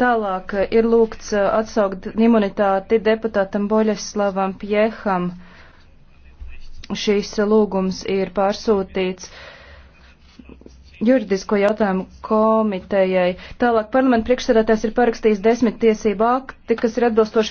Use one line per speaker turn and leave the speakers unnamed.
Tālāk eh, ir lūgts eh, atsaukt imunitāti deputātam Boļeslavam Pieham. Šīs lūgums ir pārsūtīts juridisko jautājumu komitejai. Tālāk parlamenta priekšsēdētājs
ir parakstījis desmit tiesību akti, kas ir atbilstoši